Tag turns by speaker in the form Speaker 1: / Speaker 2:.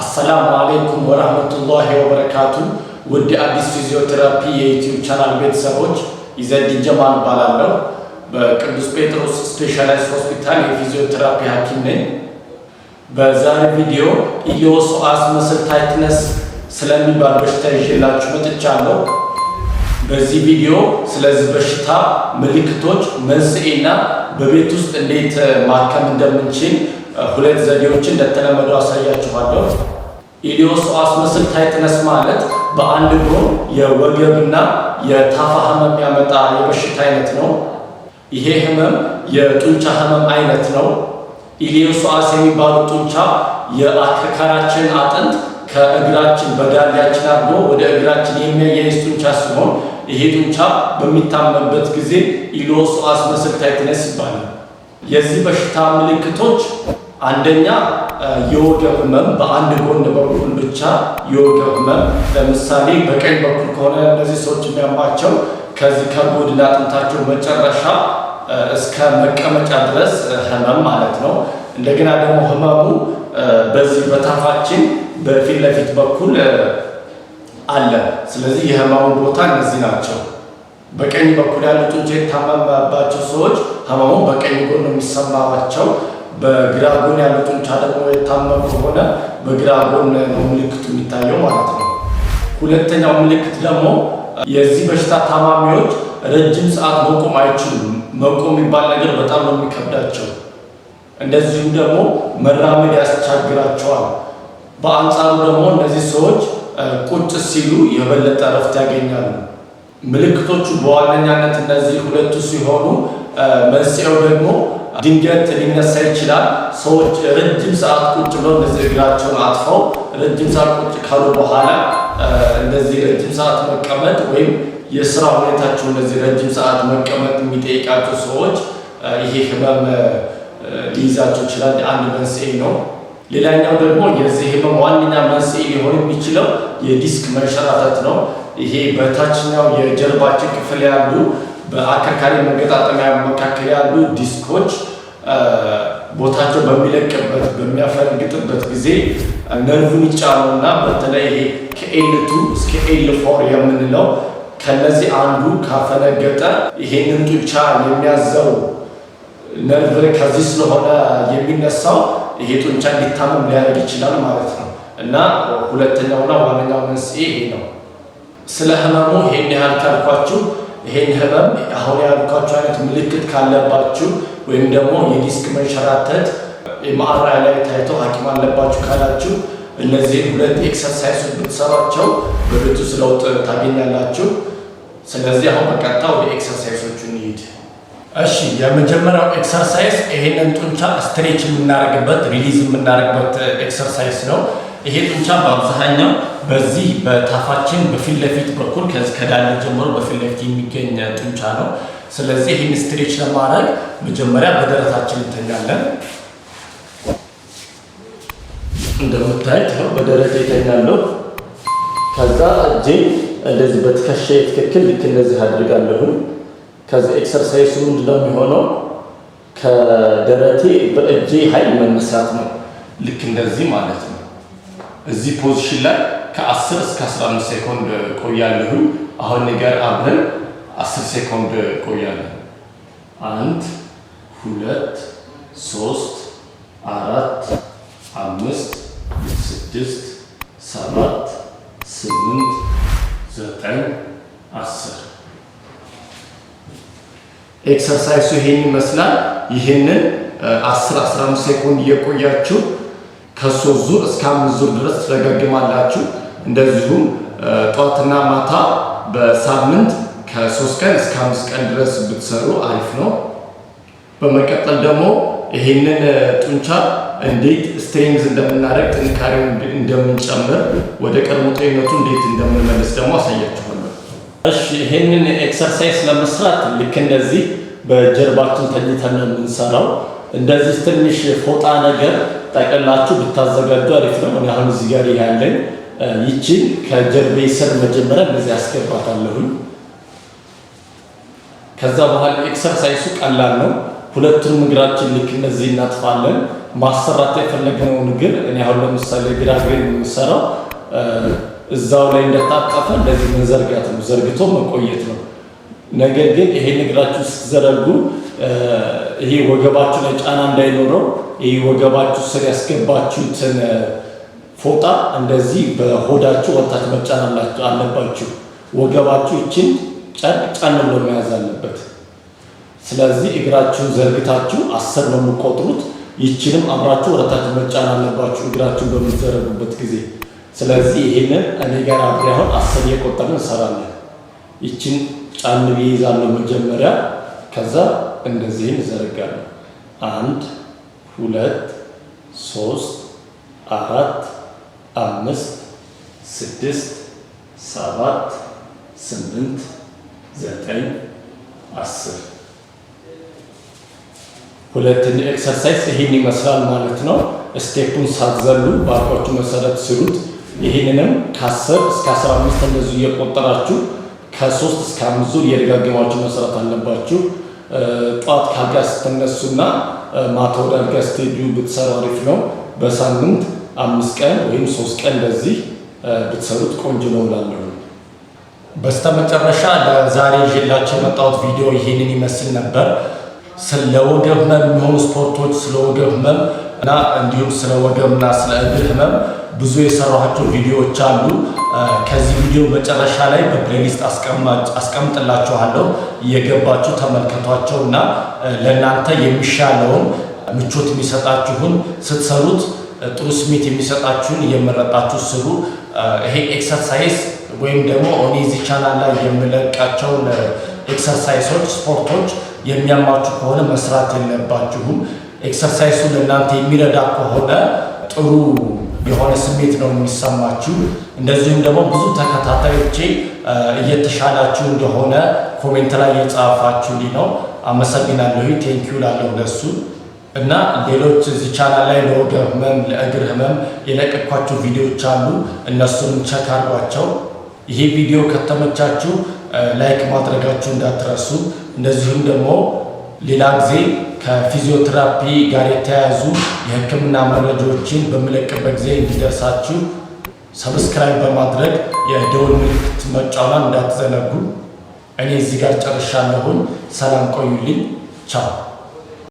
Speaker 1: አሰላሙ አሌይኩም ወረህመቱላሂ ወበረካቱ። ውድ አዲስ ፊዚዮቴራፒ የዩቲዩብ ቻናል ቤተሰቦች ይዘዲ ጀማል እባላለሁ። በቅዱስ ጴጥሮስ ስፔሻላይዝድ ሆስፒታል የፊዚዮቴራፒ ሐኪም ነኝ። በዛሬ ቪዲዮ ኢዮስዋስ መስል ታይትነስ ስለሚባል በሽታ ይዤላችሁ መጥቻለሁ። በዚህ ቪዲዮ ስለዚህ በሽታ ምልክቶች፣ መንስኤና በቤት ውስጥ እንዴት ማከም እንደምንችል ሁለት ዘዴዎችን እንደተለመደው አሳያችኋለሁ። ኢሊዮስ አስመስል ታይትነስ ማለት በአንድ እግሩ የወገብና የታፋ ህመም የሚያመጣ የበሽታ አይነት ነው። ይሄ ህመም የጡንቻ ህመም አይነት ነው። ኢሊዮስዋስ የሚባሉ ጡንቻ የአከርካሪያችን አጥንት ከእግራችን በዳሊያችን አድርጎ ወደ እግራችን የሚያያይዝ ጡንቻ ሲሆን ይሄ ጡንቻ በሚታመምበት ጊዜ ኢሊዮስዋስ መስል ታይትነስ ይባላል። የዚህ በሽታ ምልክቶች አንደኛ የወገብ ህመም በአንድ ጎን በኩል ብቻ የወገብ ህመም፣ ለምሳሌ በቀኝ በኩል ከሆነ እነዚህ ሰዎች የሚያማቸው ከዚህ ከጎድና አጥንታቸው መጨረሻ እስከ መቀመጫ ድረስ ህመም ማለት ነው። እንደገና ደግሞ ህመሙ በዚህ በታፋችን በፊት ለፊት በኩል አለ። ስለዚህ የህመሙ ቦታ እነዚህ ናቸው። በቀኝ በኩል ያሉ ጡንቻ የታመመባቸው ሰዎች ህመሙ በቀኝ ጎን ነው የሚሰማቸው። በግራ ጎን ያለው ጡንቻ ደግሞ ከሆነ በግራ ጎን ነው ምልክቱ የሚታየው ማለት ነው። ሁለተኛው ምልክት ደግሞ የዚህ በሽታ ታማሚዎች ረጅም ሰዓት መቆም አይችሉም። መቆም የሚባል ነገር በጣም ነው የሚከብዳቸው። እንደዚሁም ደግሞ መራመድ ያስቻግራቸዋል። በአንጻሩ ደግሞ እነዚህ ሰዎች ቁጭ ሲሉ የበለጠ እረፍት ያገኛሉ። ምልክቶቹ በዋነኛነት እነዚህ ሁለቱ ሲሆኑ መንስኤው ደግሞ ድንገት ሊነሳ ይችላል። ሰዎች ረጅም ሰዓት ቁጭ ብለው እንደዚህ እግራቸውን አጥፈው ረጅም ሰዓት ቁጭ ካሉ በኋላ እንደዚህ ረጅም ሰዓት መቀመጥ ወይም የስራ ሁኔታቸው እንደዚህ ረጅም ሰዓት መቀመጥ የሚጠይቃቸው ሰዎች ይሄ ህመም ሊይዛቸው ይችላል። አንድ መንስኤ ነው። ሌላኛው ደግሞ የዚህ ህመም ዋነኛ መንስኤ ሊሆን የሚችለው የዲስክ መንሸራተት ነው። ይሄ በታችኛው የጀርባችን ክፍል ያሉ በአከርካሪ መገጣጠሚያ መካከል ያሉ ዲስኮች ቦታቸው በሚለቅበት በሚያፈነግጥበት ጊዜ ነርቭን ይጫኑና በተለይ ይሄ ከኤል ቱ እስከ ኤል ፎር የምንለው ከነዚህ አንዱ ካፈነገጠ ይሄንን ጡንቻ የሚያዘው ነርቭ ከዚህ ስለሆነ የሚነሳው ይሄ ጡንቻ እንዲታመም ሊያደርግ ይችላል ማለት ነው። እና ሁለተኛውና ዋነኛው መንስኤ ይሄ ነው። ስለ ህመሙ ይሄን ያህል ካልኳችሁ፣ ይሄን ህመም አሁን ያልኳችሁ አይነት ምልክት ካለባችሁ ወይም ደግሞ የዲስክ መንሸራተት ማራያ ላይ ታይቶ ሐኪም አለባችሁ ካላችሁ እነዚህ ሁለት ኤክሰርሳይሶች ብትሰሯቸው በቤት ውስጥ ለውጥ ታገኛላችሁ። ስለዚህ አሁን በቀጥታ ወደ ኤክሰርሳይሶቹ እንሂድ። እሺ የመጀመሪያው ኤክሰርሳይዝ ይሄንን ጡንቻ ስትሬች የምናደርግበት ሪሊዝ የምናደርግበት ኤክሰርሳይዝ ነው። ይሄ ጡንቻ በአብዛኛው በዚህ በታፋችን በፊት ለፊት በኩል ከዳሌ ጀምሮ በፊት ለፊት የሚገኝ ጡንቻ ነው። ስለዚህ ይህን ስትሬች ለማድረግ መጀመሪያ በደረታችን እንተኛለን። እንደምታየት ነው በደረቴ ይተኛለሁ። ከዛ እጄ እንደዚህ በትከሻ ትክክል ልክ እንደዚህ አድርጋለሁ። ከዚ ኤክሰርሳይሱ ምንድነው የሚሆነው? ከደረቴ በእጄ ኃይል መነሳት ነው። ልክ እንደዚህ ማለት ነው። እዚህ ፖዚሽን ላይ ከ10 እስከ 15 ሴኮንድ ቆያለሁ። አሁን ነገር አብረን 10 ሴኮንድ ቆያለሁ። አንድ ሁለት ሶስት አራት አምስት ስድስት ሰባት ስምንት ዘጠኝ አስር ኤክሰርሳይሱ ይሄን ይመስላል። ይህንን 10 15 ሴኮንድ እየቆያችሁ ከሶስት ዙር እስከ አምስት ዙር ድረስ ትደጋግማላችሁ። እንደዚሁም ጠዋትና ማታ በሳምንት ከሶስት ቀን እስከ አምስት ቀን ድረስ ብትሰሩ አሪፍ ነው። በመቀጠል ደግሞ ይህንን ጡንቻ እንዴት ስትሪንግዝ እንደምናደርግ ጥንካሬውን እንደምንጨምር ወደ ቀድሞ ጤንነቱ እንዴት እንደምንመልስ ደግሞ አሳያችኋለሁ። እሺ ይህንን ኤክሰርሳይዝ ለመስራት ልክ እንደዚህ በጀርባችን ተኝተን ነው የምንሰራው። እንደዚህ ትንሽ ፎጣ ነገር ጠቅላችሁ ብታዘጋጁ አሪፍ ነው። እኔ አሁን እዚህ ጋር ያለኝ ይቺን ከጀርቤ ስር መጀመሪያ እንደዚህ አስገባታለሁኝ። ከዛ በኋላ ኤክሰርሳይሱ ቀላል ነው። ሁለቱንም እግራችን ልክ እነዚህ እናጥፋለን። ማሰራት የፈለግነውን እግር እኔ አሁን ለምሳሌ ግራ እግሬን የምሰራው እዛው ላይ እንደታጠፈ እንደዚህ መዘርጋት ነው፣ ዘርግቶ መቆየት ነው። ነገር ግን ይሄን እግራችሁ ስትዘረጉ ይህ ወገባችሁ ላይ ጫና እንዳይኖረው ይህ ወገባችሁ ስር ያስገባችሁትን ፎጣ እንደዚህ በሆዳችሁ ወጣችሁ መጫን አለባችሁ። ወገባችሁ ይችን ጨርቅ ጫን ብሎ መያዝ አለበት። ስለዚህ እግራችሁን ዘርግታችሁ አስር ነው የምቆጥሩት። ይችንም አብራችሁ ወደታች መጫን አለባችሁ እግራችሁን በምትዘረጉበት ጊዜ። ስለዚህ ይህንን እኔ ጋር አብሬ አሁን አስር እየቆጠርን እንሰራለን። ይችን ጫን ብዬ መጀመሪያ ከዛ እንደዚህ ይዘረጋሉ። አንድ ሁለት ሶስት አራት አምስት ስድስት ሰባት ስምንት ዘጠኝ አስር ሁለትን ኤክሰርሳይዝ ይህን ይመስላል ማለት ነው። ስቴፑን ሳትዘሉ በአቋቹ መሰረት ስሉት። ይህንንም ከአስር እስከ እስከ አምስት እንደዚሁ እየቆጠራችሁ ከሶስት እስከ 5 ዙር እየደጋገማችሁ መስራት አለባችሁ። ጠዋት ከአልጋ ስትነሱና ማታ ወደ አልጋ ስትሄዱ ብትሰሩ አሪፍ ነው። በሳምንት አምስት ቀን ወይም ሶስት ቀን እንደዚህ ብትሰሩት ቆንጆ ነው እላለሁ። በስተመጨረሻ ለዛሬ ይዤላችሁ የመጣሁት ቪዲዮ ይህንን ይመስል ነበር። ስለወገብ ህመም የሚሆኑ ስፖርቶች፣ ስለወገብ ህመም እና እንዲሁም ስለ ወገብና ስለ እግር ህመም ብዙ የሰራኋቸው ቪዲዮዎች አሉ። ከዚህ ቪዲዮ መጨረሻ ላይ በፕሌሊስት አስቀምጥላችኋለሁ። እየገባችሁ ተመልከቷቸው እና ለእናንተ የሚሻለውን ምቾት የሚሰጣችሁን ስትሰሩት ጥሩ ስሜት የሚሰጣችሁን እየመረጣችሁ ስሩ። ይሄ ኤክሰርሳይዝ ወይም ደግሞ እኔ እዚህ ቻናል ላይ የምለቃቸውን ኤክሰርሳይሶች፣ ስፖርቶች የሚያማችሁ ከሆነ መስራት የለባችሁም። ኤክሰርሳይሱ ለእናንተ የሚረዳ ከሆነ ጥሩ የሆነ ስሜት ነው የሚሰማችሁ። እንደዚሁም ደግሞ ብዙ ተከታታዮቼ እየተሻላችሁ እንደሆነ ኮሜንት ላይ እየጻፋችሁ ነው። አመሰግናለሁ። ቴንኪዩ ላለው ለሱ እና ሌሎች እዚህ ቻናል ላይ ለወገብ ህመም፣ ለእግር ህመም የለቀኳቸው ቪዲዮዎች አሉ። እነሱንም ቸክ አድርጓቸው። ይሄ ቪዲዮ ከተመቻችሁ ላይክ ማድረጋችሁ እንዳትረሱ። እንደዚሁም ደግሞ ሌላ ጊዜ ከፊዚዮቴራፒ ጋር የተያያዙ የሕክምና መረጃዎችን በምለቅበት ጊዜ እንዲደርሳችሁ ሰብስክራይብ በማድረግ የደወል ምልክት መጫኗን እንዳትዘነጉ። እኔ እዚህ ጋር ጨርሻለሁን። ሰላም ቆዩልኝ። ቻው